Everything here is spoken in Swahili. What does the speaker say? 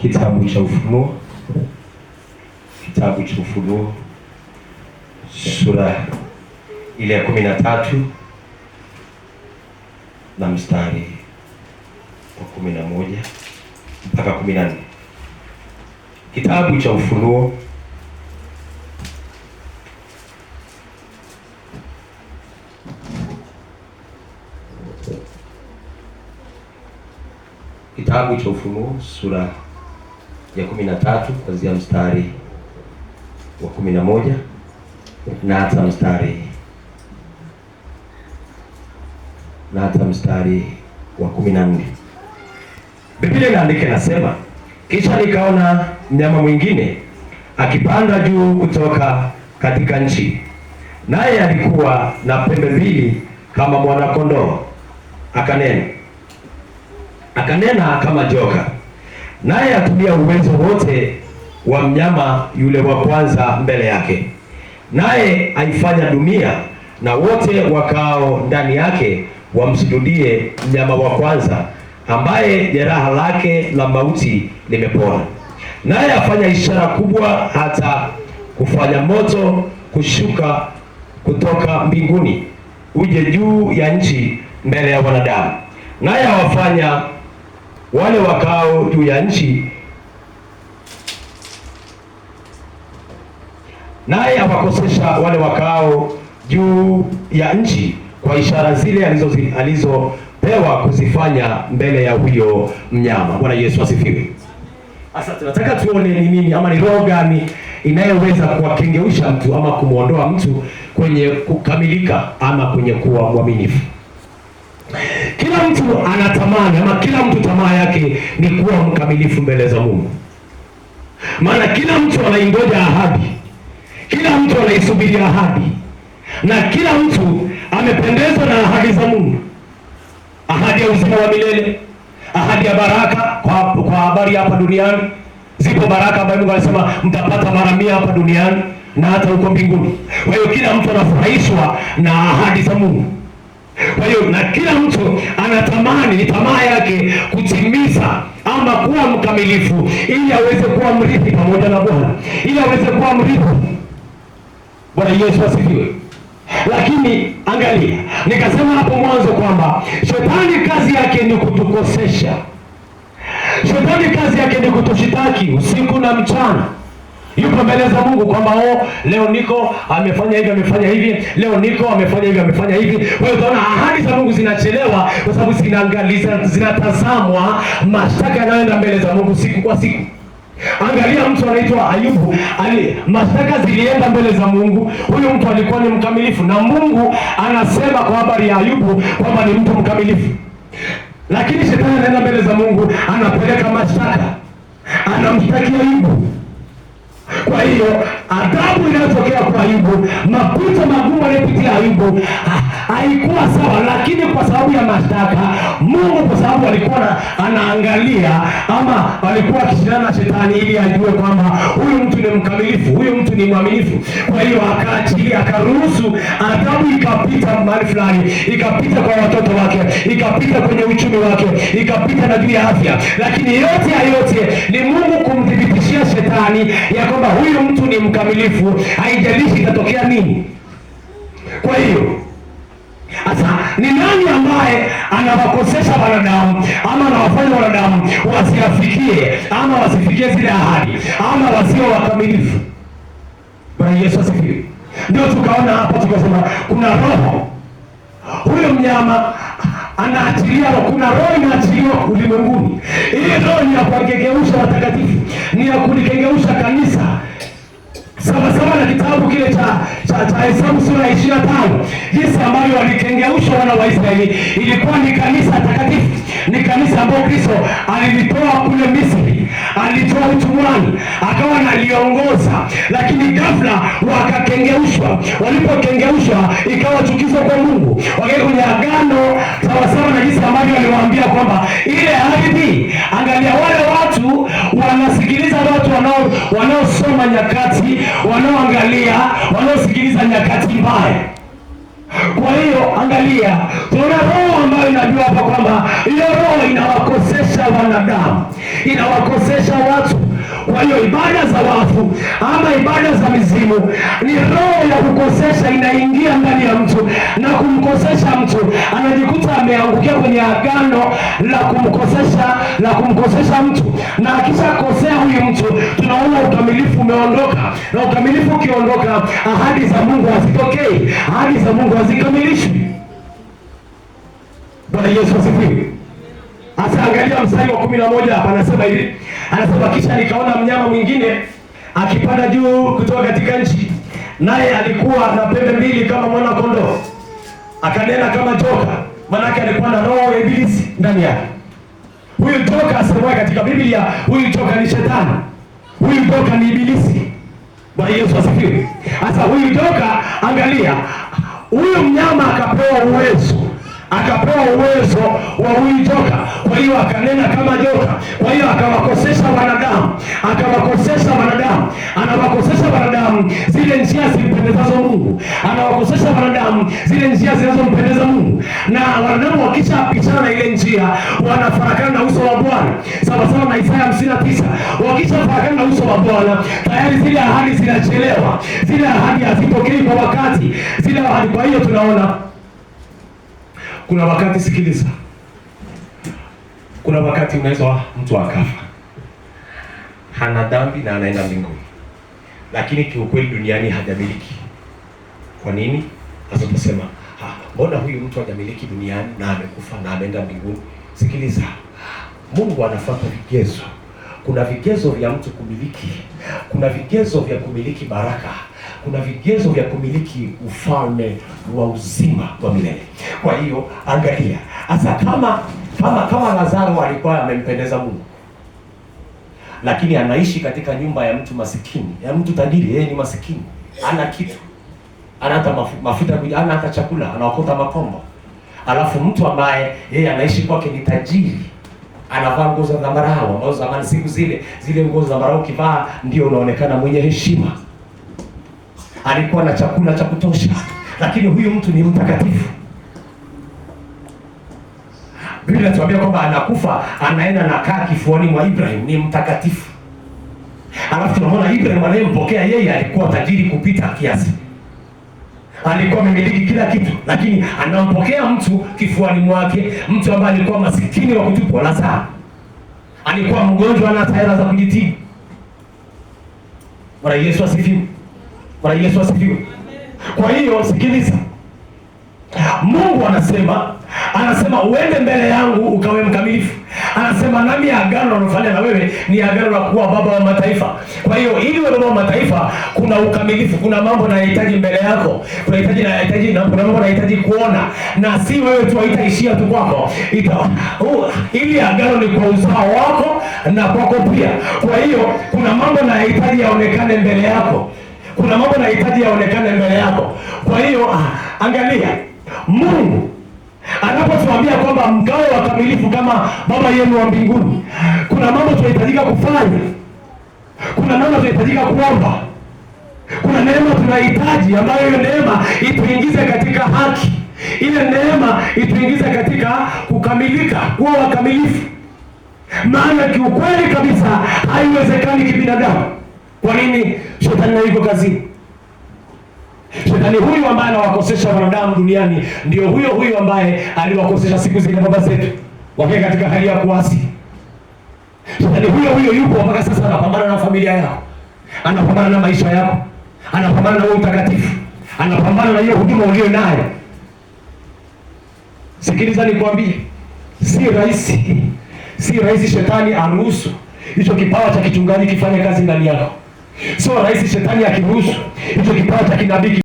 Kitabu cha Ufunuo, kitabu cha Ufunuo sura ile ya kumi na tatu na mstari wa kumi na moja mpaka kumi na nne kitabu cha Ufunuo kitabu cha Ufunuo sura ya kumi na tatu kuanzia mstari wa kumi na moja na hata mstari na hata mstari wa kumi na nne Biblia inaandika inasema, kisha nikaona mnyama mwingine akipanda juu kutoka katika nchi, naye alikuwa na pembe mbili kama mwana kondoo, akanena akanena kama joka naye atumia uwezo wote wa mnyama yule wa kwanza mbele yake, naye aifanya dunia na wote wakao ndani yake wamsujudie mnyama wa kwanza ambaye jeraha lake la mauti limepona. Naye afanya ishara kubwa, hata kufanya moto kushuka kutoka mbinguni uje juu ya nchi mbele ya wanadamu, naye awafanya wale wakao juu ya nchi, naye awakosesha wale wakao juu ya nchi kwa ishara zile alizopewa alizo kuzifanya mbele ya huyo mnyama. Bwana Yesu asifiwe. Sasa tunataka tuone ni nini ama ni roho gani inayoweza kuwakengeusha mtu ama kumwondoa mtu kwenye kukamilika ama kwenye kuwa mwaminifu. Kila mtu anatamani ama kila mtu tamaa yake ni kuwa mkamilifu mbele za Mungu, maana kila mtu anaingoja ahadi, kila mtu anaisubiria ahadi, na kila mtu amependezwa na ahadi za Mungu, ahadi ya uzima wa milele, ahadi ya baraka. Kwa, kwa habari hapa duniani zipo baraka ambayo Mungu anasema mtapata mara mia hapa duniani na hata huko mbinguni. Kwa hiyo kila mtu anafurahishwa na ahadi za Mungu. Kwa hiyo na kila mtu anatamani ni tamaa yake kutimiza ama kuwa mkamilifu, ili aweze kuwa mrithi pamoja na Bwana, ili aweze kuwa mrithi. Bwana Yesu asifiwe. Lakini angalia, nikasema hapo mwanzo kwamba shetani kazi yake ni kutukosesha. Shetani kazi yake ni kutushitaki usiku na mchana yupo mbele za Mungu kwamba oh, leo niko amefanya hivi amefanya hivi, leo niko amefanya hivi amefanya hivi. Wewe utaona ahadi za Mungu zinachelewa kwa sababu zinaangaliza zinatazamwa mashtaka yanayoenda mbele za Mungu siku kwa siku. Angalia mtu anaitwa Ayubu ali, mashtaka zilienda mbele za Mungu. Huyu mtu alikuwa ni mkamilifu, na Mungu anasema kwa habari ya Ayubu kwamba ni mtu mkamilifu, lakini shetani anaenda mbele za Mungu, anapeleka mashtaka, anamshtaki Ayubu Ah, haikuwa sawa, lakini kwa sababu ya mashtaka Mungu, kwa sababu alikuwa anaangalia ama alikuwa akishindana na shetani ili ajue kwamba huyu mtu ni mkamilifu, huyu mtu ni mwaminifu. Kwa hiyo akaachilia, akaruhusu adhabu ikapita mahali fulani, ikapita kwa watoto wake, ikapita kwenye uchumi wake, ikapita na juu ya afya, lakini yote ya yote ni Mungu kumdhibitishia shetani ya kwamba huyu mtu ni mkamilifu, haijalishi itatokea nini. Kwa hiyo sasa ni nani ambaye anawakosesha wanadamu ama anawafanya wanadamu wasiafikie ama wasifikie zile ahadi ama wasio wakamilifu? Bwana Yesu asifiwe. Ndio tukaona hapo, tukasema kuna roho huyo mnyama anaachilia, kuna roho inaachiliwa ulimwenguni. Hii roho ni ya kuwakengeusha watakatifu, ni ya kulikengeusha kanisa sawasawa na kitabu kile cha cha, cha Hesabu sura ya ishirini na tano jinsi ambavyo walikengeushwa wana wa Israeli. Ilikuwa ni kanisa takatifu, ni kanisa ambayo Kristo alilitoa kule Misri, alitoa utumwani akawa analiongoza, lakini ghafla wakakengeushwa. Walipokengeushwa ikawa chukizo kwa Mungu, wakaenda kwenye agano sawasawa na jinsi ambavyo aliwaambia kwamba ile ardhi, angalia wale watu anasikiliza watu wanao wanaosoma nyakati, wanaoangalia, wanaosikiliza nyakati mbaya. Kwa hiyo angalia, tuna roho ambayo inajua hapa kwamba hiyo roho inawakosesha wanadamu, inawakosesha watu kwa hiyo ibada za wafu ama ibada za mizimu ni roho ya kukosesha, inaingia ndani ya mtu na kumkosesha mtu, anajikuta ameangukia kwenye agano la kumkosesha la kumkosesha mtu, na akishakosea huyu mtu, tunaona ukamilifu umeondoka, na ukamilifu ukiondoka, ahadi za Mungu hazitokei, ahadi za Mungu hazikamilishwi. Bwana Yesu asifiwe. Hasa angalia mstari wa kumi na moja hapa anasema hivi Anasema kisha nikaona mnyama mwingine akipanda juu kutoka katika nchi, naye alikuwa na pembe mbili kama mwana kondoo, akanena kama joka, manake alikuwa na roho ya ibilisi ndani yake. Huyu joka asemwa katika Biblia, huyu joka ni shetani, huyu joka ni ibilisi. Bwana Yesu asifiwe. Sasa huyu joka, angalia, huyu mnyama akapewa uwezo, akapewa uwezo wa huyu joka kwa hiyo akanena kama joka. Kwa hiyo akawakosesha wanadamu, akawakosesha wanadamu, anawakosesha wanadamu zile njia zimpendezazo Mungu, anawakosesha wanadamu zile njia zinazompendeza Mungu. Na wanadamu wakishapitana na ile njia wanafarakana na uso wa Bwana, sawasawa na Isaya hamsini na tisa. Wakishafarakana na uso wa Bwana tayari zile ahadi zinachelewa, zile ahadi hazitokei kwa wakati, zile ahadi. Kwa hiyo tunaona kuna wakati, sikiliza kuna wakati unaweza mtu akafa hana dhambi na anaenda mbinguni, lakini kiukweli duniani hajamiliki. Kwa nini? Sasa tunasema mbona huyu mtu hajamiliki duniani na amekufa na ameenda mbinguni? Sikiliza, Mungu anafuata vigezo. Kuna vigezo vya mtu kumiliki, kuna vigezo vya kumiliki baraka, kuna vigezo vya kumiliki ufalme wa uzima wa milele. Kwa hiyo angalia, hasa kama kama kama Lazaro alikuwa amempendeza Mungu, lakini anaishi katika nyumba ya mtu masikini, ya mtu tajiri. Yeye ni masikini, ana kitu, ana hata mafuta, ana hata chakula, anaokota makombo. Alafu mtu ambaye yeye anaishi kwake ni tajiri anavaa nguo za zambarau ambazo zamani, siku zile zile nguo za zambarau kivaa ndio unaonekana mwenye heshima. Alikuwa na chakula cha kutosha, lakini huyu mtu ni mtakatifu. Biblia inatuambia kwamba anakufa, anaenda nakaa kifuani mwa Ibrahim, ni mtakatifu. Alafu tunaona Ibrahim anayempokea yeye alikuwa tajiri kupita kiasi, alikuwa amemiliki kila kitu, lakini anampokea mtu kifuani mwake, mtu ambaye alikuwa masikini wa kutupwa Lazaro, alikuwa mgonjwa na hela za kujitibu. Bwana Yesu asifiwe! Bwana Yesu asifiwe! Kwa hiyo sikiliza, Mungu anasema anasema uende mbele yangu ukawe mkamilifu. Anasema nami agano nalofanya na wewe ni agano la kuwa baba wa mataifa. Kwa hiyo ili uwe baba wa mataifa, kuna ukamilifu, kuna mambo nahitaji mbele yako, tunahitaji nahitaji na kuna mambo nahitaji kuona, na si wewe tu, haitaishia tu kwako ita uh, ili agano ni kwa uzao wako na kwako pia. Kwa hiyo kuna mambo nahitaji yaonekane mbele yako, kuna mambo nahitaji yaonekane mbele yako. Kwa hiyo ah, angalia Mungu anapotuambia kwamba mgawe wakamilifu kama baba yenu wa mbinguni, kuna mambo tunahitajika kufanya, kuna namna tunahitajika kuomba, kuna neema tunahitaji, ambayo hiyo neema ituingize katika haki, ile neema ituingize katika kukamilika, kuwa wakamilifu. Maana kiukweli kabisa haiwezekani kibinadamu. Kwa nini shetani na yuko kazini Shetani huyu ambaye anawakosesha wanadamu duniani ndio huyo huyo ambaye aliwakosesha siku zile baba zetu wakiwa katika hali ya kuasi. Shetani huyo huyo yupo mpaka sasa, anapambana na familia yako, anapambana na maisha yako, anapambana na wewe utakatifu, anapambana na hiyo huduma ulio nayo. Sikiliza nikwambie, si rahisi, si rahisi shetani aruhusu hicho kipawa cha kichungaji kifanye kazi ndani yako. Sio rahisi shetani akiruhusu hicho kipawa cha kinabii